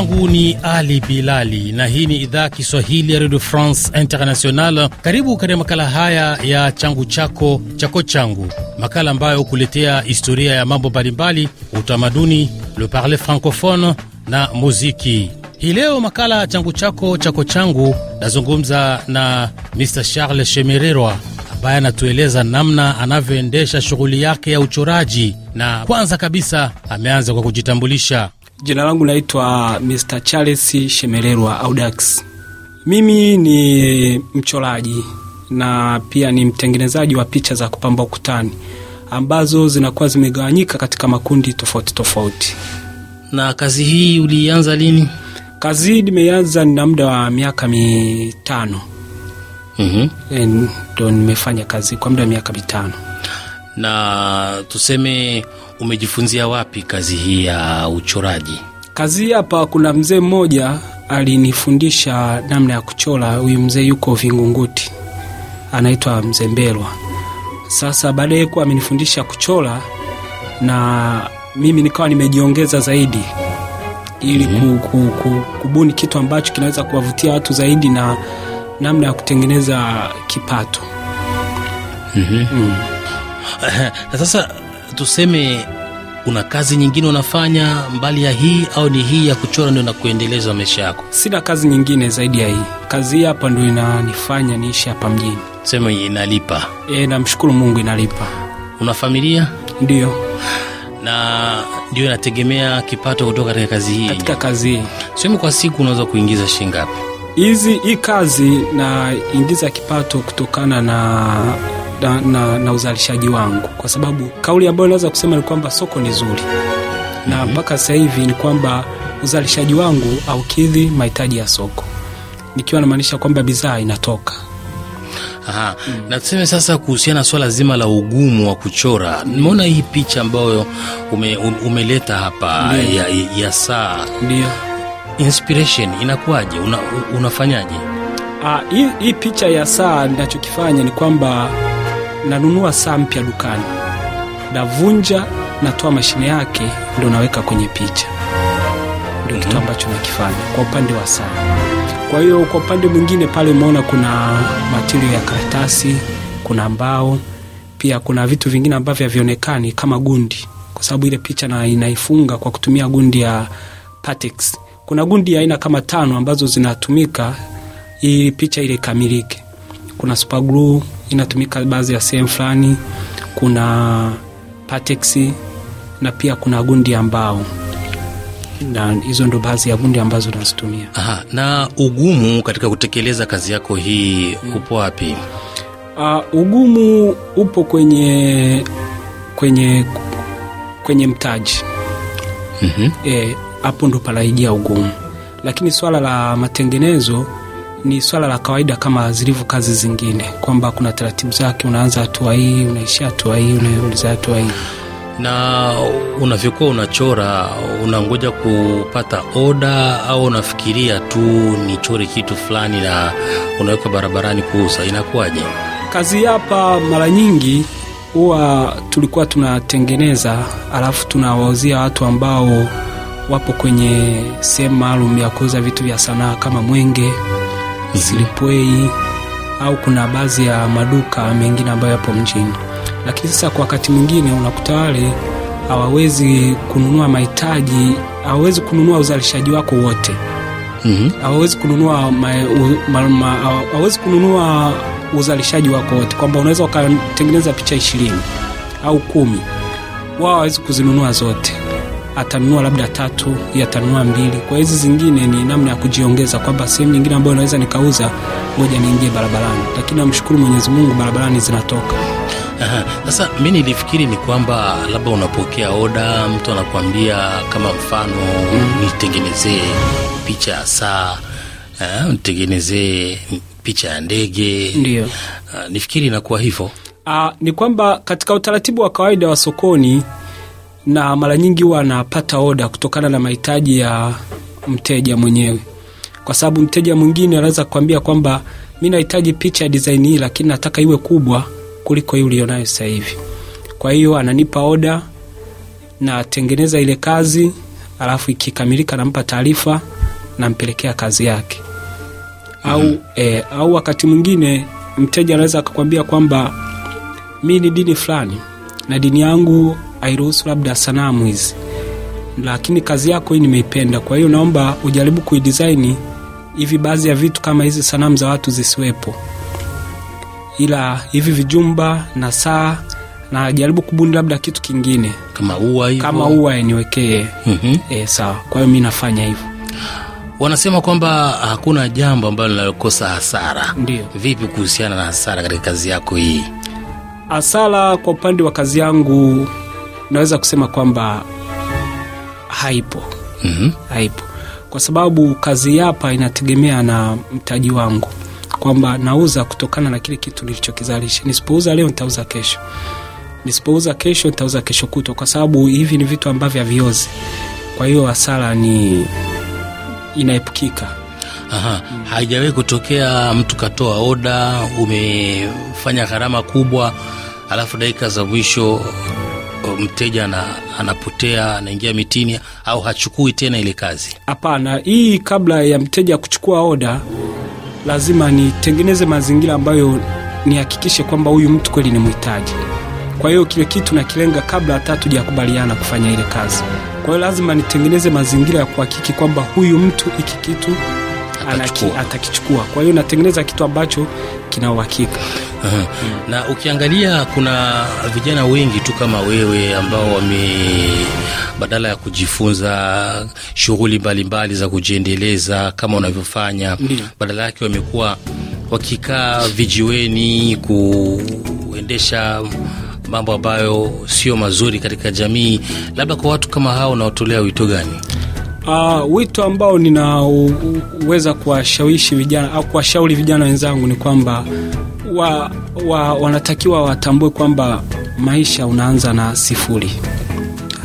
langu ni Ali Bilali na hii ni idhaa Kiswahili ya Radio France International. Karibu katika makala haya ya changu chako chako changu, makala ambayo hukuletea historia ya mambo mbalimbali, utamaduni, le parler francophone na muziki. Hii leo makala changu chako chako changu, nazungumza na Mr Charles Shemererwa ambaye anatueleza namna anavyoendesha shughuli yake ya uchoraji, na kwanza kabisa ameanza kwa kujitambulisha. Jina langu naitwa Mr. Charles Shemererwa Audax. Mimi ni mchoraji na pia ni mtengenezaji wa picha za kupamba ukutani ambazo zinakuwa zimegawanyika katika makundi tofauti tofauti. Na kazi hii ulianza lini? Kazi hii nimeanza nina muda wa miaka mitano. mm -hmm. Ndo nimefanya kazi kwa muda wa miaka mitano na tuseme Umejifunzia wapi kazi hii ya uchoraji? Kazi hii hapa, kuna mzee mmoja alinifundisha namna ya kuchora. Huyu mzee yuko Vingunguti, anaitwa Mzee Mbelwa. Sasa baadaye kuwa amenifundisha kuchora na mimi nikawa nimejiongeza zaidi ili mm -hmm. ku, ku, ku, kubuni kitu ambacho kinaweza kuwavutia watu zaidi na namna ya kutengeneza kipato. Mhm. mm -hmm. mm. Sasa tuseme una kazi nyingine unafanya mbali ya hii au ni hii ya kuchora ndio nakuendeleza maisha yako? Sina kazi nyingine zaidi ya hii. Kazi hii hapa ndio inanifanya niishi hapa mjini. seme inalipa. E, namshukuru Mungu inalipa. Una familia? ndio Na ndio inategemea kipato kutoka katika kazi hii. Katika kazi hii sema, kwa siku unaweza kuingiza shingapi hizi hii kazi naingiza kipato kutokana na na, na, na uzalishaji wangu, kwa sababu kauli ambayo naweza kusema ni kwamba soko ni zuri na mhm. mpaka sasa hivi ni kwamba uzalishaji wangu aukidhi mahitaji ya soko, nikiwa namaanisha kwamba bidhaa inatoka Aha. Mm. Na tuseme sasa kuhusiana na swala zima la ugumu wa kuchora, nimeona hii picha ambayo ume, um, umeleta hapa ya, ya saa Ndio. Inspiration inakuwaje? Una, unafanyaje? Ah, hii, hii picha ya saa ninachokifanya ni kwamba nanunua saa mpya dukani, navunja, natoa mashine yake, ndo naweka kwenye picha. Ndio kitu mhm. ambacho nakifanya kwa upande wa saa. Kwa hiyo kwa upande mwingine pale umeona kuna matirio ya karatasi, kuna mbao, pia kuna vitu vingine ambavyo havionekani kama gundi, kwa sababu ile picha na inaifunga kwa kutumia gundi ya Patex. Kuna gundi aina kama tano ambazo zinatumika ili picha ile ikamilike. Kuna super glue, inatumika baadhi ya sehemu fulani, kuna pateksi na pia kuna gundi ya mbao na hizo ndo baadhi ya gundi ambazo nazitumia. Aha, na ugumu katika kutekeleza kazi yako hii hmm, upo wapi? Uh, ugumu upo kwenye kwenye kwenye mtaji mhm. eh, hapo, mm-hmm. E, ndo palaijia ugumu, lakini swala la matengenezo ni swala la kawaida kama zilivyo kazi zingine, kwamba kuna taratibu zake. Unaanza hatua hii, unaishia hatua hii, unauliza hatua hii na unavyokuwa unachora unangoja kupata oda au unafikiria tu nichore kitu fulani na unaweka barabarani kuuza, inakuwaje? Kazi hapa mara nyingi huwa tulikuwa tunatengeneza, alafu tunawauzia watu ambao wapo kwenye sehemu maalum ya kuuza vitu vya sanaa kama mwenge Zilipwei au kuna baadhi ya maduka mengine ambayo yapo mjini. Lakini sasa kwa wakati mwingine unakuta wale hawawezi kununua mahitaji, hawawezi kununua uzalishaji wako wote mhm. hawawezi mm -hmm. kununua hawawezi kununua uzalishaji wako wote, kwamba unaweza ukatengeneza picha ishirini au kumi, wao hawawezi kuzinunua zote atanunua labda tatu, yeye atanunua mbili. Kwa hizi zingine ni namna ya kujiongeza, kwamba sehemu nyingine ambayo naweza nikauza, ngoja niingie barabarani. Lakini namshukuru Mwenyezi Mungu, barabarani zinatoka. Sasa mi nilifikiri ni kwamba labda unapokea oda, mtu anakuambia kama mfano mm, nitengenezee picha ya saa, eh, nitengenezee picha ya ndege. Ndio ah, nifikiri inakuwa hivyo. Aa, ah, ni kwamba katika utaratibu wa kawaida wa sokoni na mara nyingi huwa anapata oda kutokana na mahitaji ya mteja mwenyewe, kwa sababu mteja mwingine anaweza kuambia kwamba mi nahitaji picha ya design hii, lakini nataka iwe kubwa kuliko hii ulionayo sasa hivi. Kwa hiyo ananipa oda, natengeneza ile kazi, alafu ikikamilika nampa taarifa, nampelekea kazi yake. Mm. -hmm. Eh, au wakati mwingine mteja anaweza akakwambia kwamba mi ni dini fulani na dini yangu airuhusu labda sanamu hizi, lakini kazi yako hii nimeipenda, kwa hiyo naomba ujaribu kuidesign hivi baadhi ya vitu kama hizi sanamu za watu zisiwepo, ila hivi vijumba na saa na jaribu kubuni labda kitu kingine kama ua hivyo, kama ua niwekee. mm -hmm. E, sawa. Kwa hiyo mi nafanya hivyo. Wanasema kwamba hakuna jambo ambalo linalokosa hasara. Ndio vipi kuhusiana na hasara katika kazi yako hii? Hasara kwa upande wa kazi yangu naweza kusema kwamba haipo. mm-hmm. Haipo kwa sababu kazi hapa inategemea na mtaji wangu, kwamba nauza kutokana na kile kitu nilichokizalisha. Nisipouza leo nitauza kesho, nisipouza kesho nitauza kesho kutwa, kwa sababu hivi ni vitu ambavyo haviozi. Kwa hiyo hasara ni inaepukika. Aha, hmm. Haijawahi kutokea mtu katoa oda, umefanya gharama kubwa, alafu dakika za mwisho mteja na, anapotea anaingia mitini au hachukui tena ile kazi? Hapana, hii kabla ya mteja kuchukua oda lazima nitengeneze mazingira ambayo nihakikishe kwamba huyu mtu kweli ni mhitaji. Kwa hiyo kile kitu nakilenga kabla hata tujakubaliana kufanya ile kazi. Kwa hiyo lazima nitengeneze mazingira ya kuhakiki kwamba huyu mtu iki kitu atakichukua. Kwa hiyo natengeneza kitu ambacho kina uhakika na ukiangalia kuna vijana wengi tu kama wewe ambao wame badala ya kujifunza shughuli mbalimbali za kujiendeleza kama unavyofanya, badala yake wamekuwa wakikaa vijiweni kuendesha mambo ambayo sio mazuri katika jamii. Labda kwa watu kama hao unaotolea wito gani? Uh, wito ambao ninaweza kuwashawishi vijana au kuwashauri vijana wenzangu ni kwamba wa, wa, wanatakiwa watambue kwamba maisha unaanza na sifuri,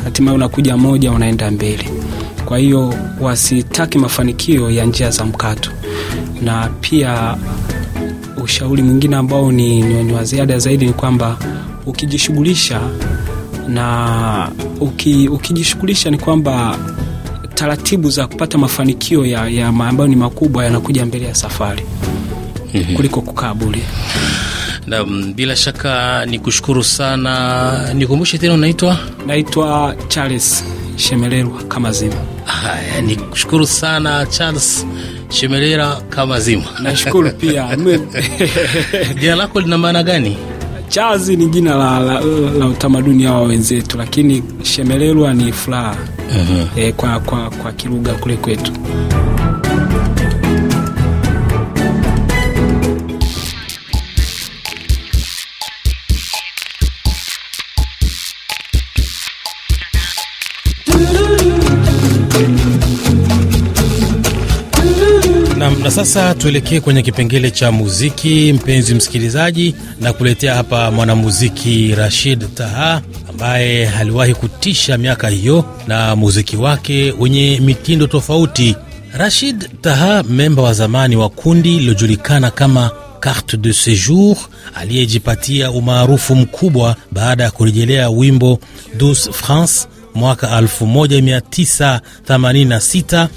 hatimaye unakuja moja, unaenda mbele Kwa hiyo wasitaki mafanikio ya njia za mkato. Na pia ushauri mwingine ambao ni, ni, ni wa ziada zaidi ni kwamba ukijishughulisha na uki, ukijishughulisha ni kwamba taratibu za kupata mafanikio ya, ya ambayo ni makubwa yanakuja mbele ya safari. Mhm. kuliko kukaa bure. Na bila shaka ni kushukuru sana, nikumbushe tena, unaitwa naitwa Charles Shemelerwa kama zima. Haya, ni kushukuru sana Charles Shemelera kama zima. Nashukuru pia jina lako lina maana gani? Chazi ni jina la, la, la utamaduni hawa wenzetu, lakini Shemelerwa ni furaha uh -huh. E, kwa, kwa, kwa kiruga kule kwetu. Sasa tuelekee kwenye kipengele cha muziki, mpenzi msikilizaji, na kuletea hapa mwanamuziki Rashid Taha ambaye aliwahi kutisha miaka hiyo na muziki wake wenye mitindo tofauti. Rashid Taha, memba wa zamani wa kundi lilojulikana kama Carte de Sejour, aliyejipatia umaarufu mkubwa baada ya kurejelea wimbo Douce France mwaka 1986,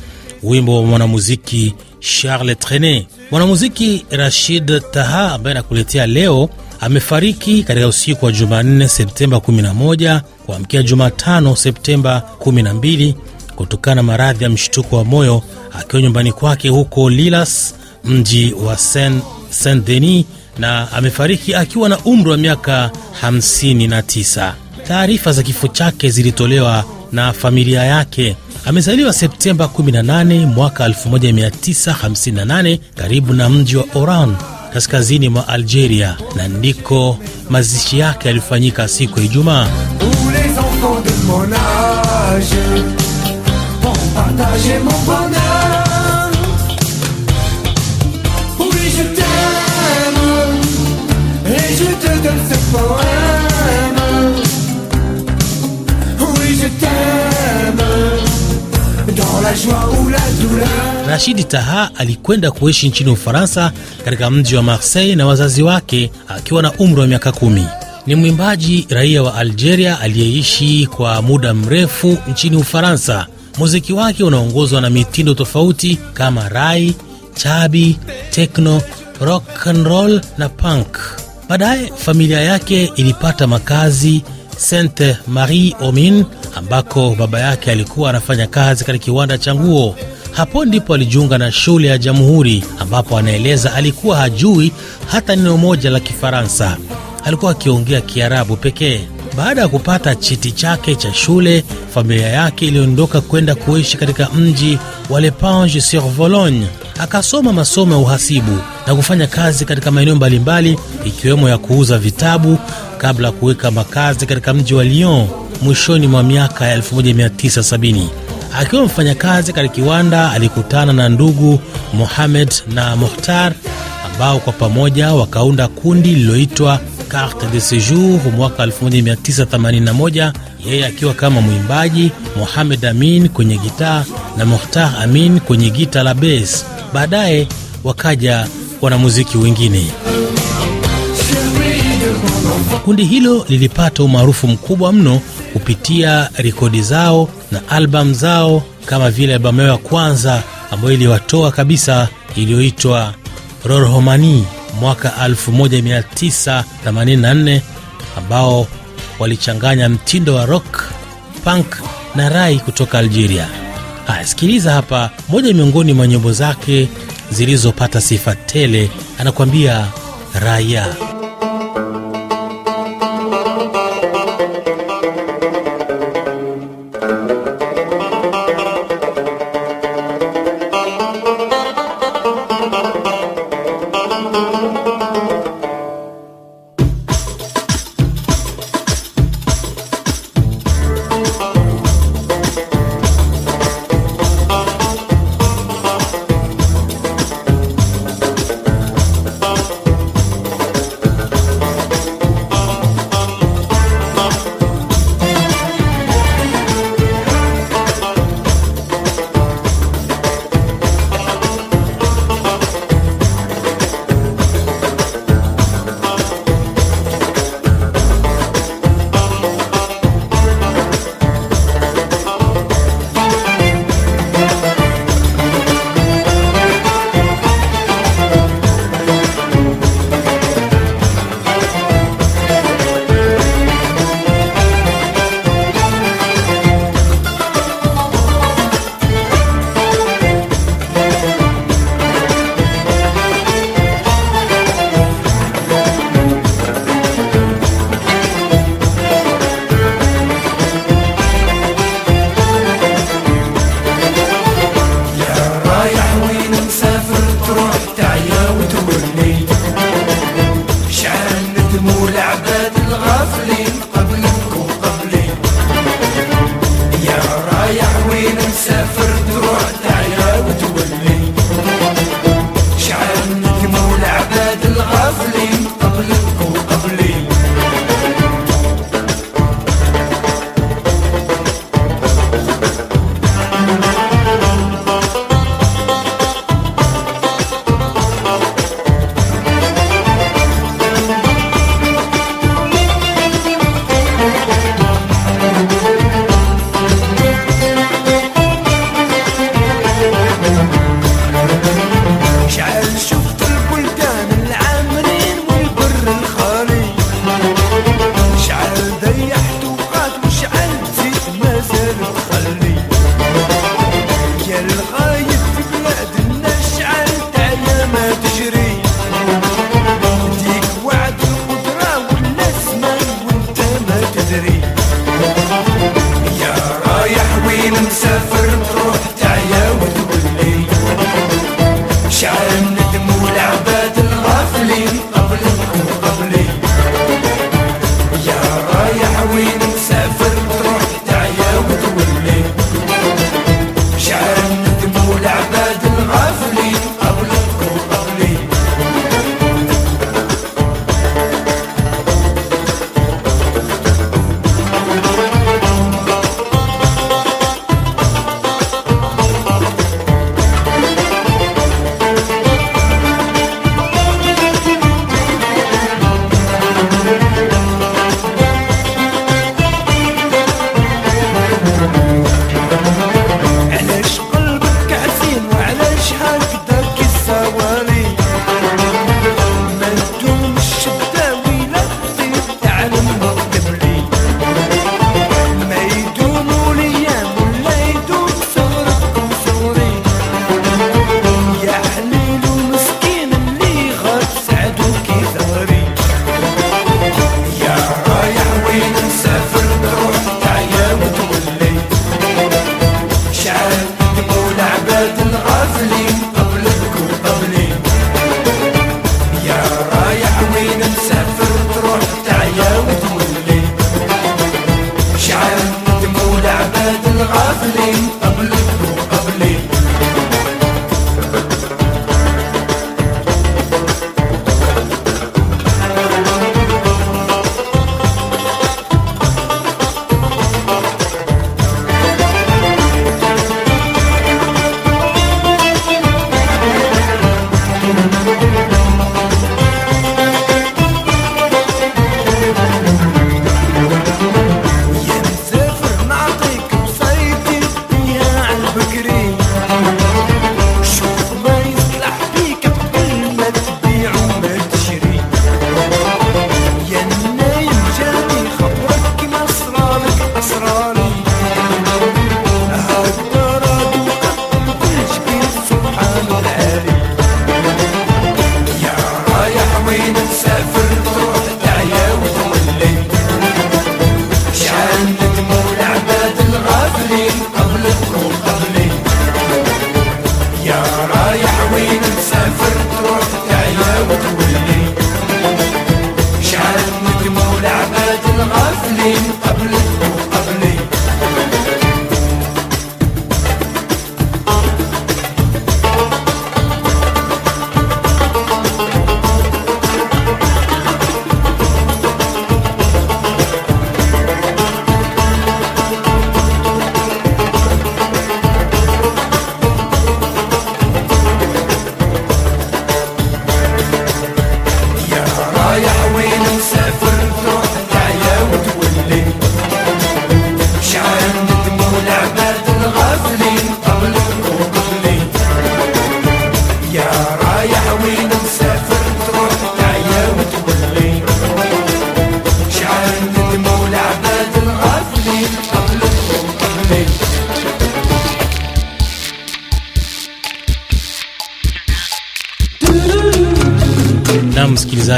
wimbo wa mwanamuziki Charles Trene. Mwanamuziki Rashid Taha ambaye anakuletea leo amefariki katika usiku wa Jumanne Septemba 11 kuamkia Jumatano Septemba 12 kutokana na maradhi ya mshtuko wa moyo akiwa nyumbani kwake huko Lilas, mji wa Saint, Saint Denis, na amefariki akiwa na umri wa miaka 59. Taarifa za kifo chake zilitolewa na familia yake. Amezaliwa Septemba 18 mwaka 1958 karibu na mji wa Oran kaskazini mwa Algeria, na ndiko mazishi yake yalifanyika siku ya Ijumaa. la joie ou la douleur. Rashidi Taha alikwenda kuishi nchini Ufaransa katika mji wa Marseille na wazazi wake akiwa na umri wa miaka kumi. Ni mwimbaji raia wa Algeria aliyeishi kwa muda mrefu nchini Ufaransa. Muziki wake unaongozwa na mitindo tofauti kama rai, chabi, tekno, rock and roll na punk. Baadaye familia yake ilipata makazi Sainte Marie Omin ambako baba yake alikuwa anafanya kazi katika kiwanda cha nguo. Hapo ndipo alijiunga na shule ya Jamhuri, ambapo anaeleza alikuwa hajui hata neno moja la Kifaransa, alikuwa akiongea Kiarabu pekee. Baada ya kupata cheti chake cha shule, familia yake iliondoka kwenda kuishi katika mji wa lepange sur Vologne. Akasoma masomo ya uhasibu na kufanya kazi katika maeneo mbalimbali, ikiwemo ya kuuza vitabu kabla ya kuweka makazi katika mji wa Lyon mwishoni mwa miaka ya 1970. Akiwa mfanyakazi katika kiwanda, alikutana na ndugu Mohamed na Mohtar ambao kwa pamoja wakaunda kundi lililoitwa Carte de Sejour mwaka 1981, yeye akiwa kama mwimbaji, Mohamed Amin kwenye gitaa na Mohtar Amin kwenye gita la bass. Baadaye wakaja wanamuziki wengine. Kundi hilo lilipata umaarufu mkubwa mno kupitia rekodi zao na albamu zao kama vile albamu yao ya kwanza ambayo iliwatoa kabisa iliyoitwa Rorhomani mwaka 1984 ambao walichanganya mtindo wa rock, punk na rai kutoka Algeria. Haya, sikiliza hapa moja miongoni mwa nyimbo zake zilizopata sifa tele, anakuambia Raya.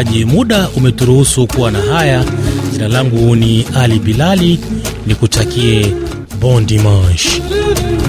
msikilizaji, muda umeturuhusu kuwa na haya. Jina langu ni Ali Bilali, ni bon dimanche.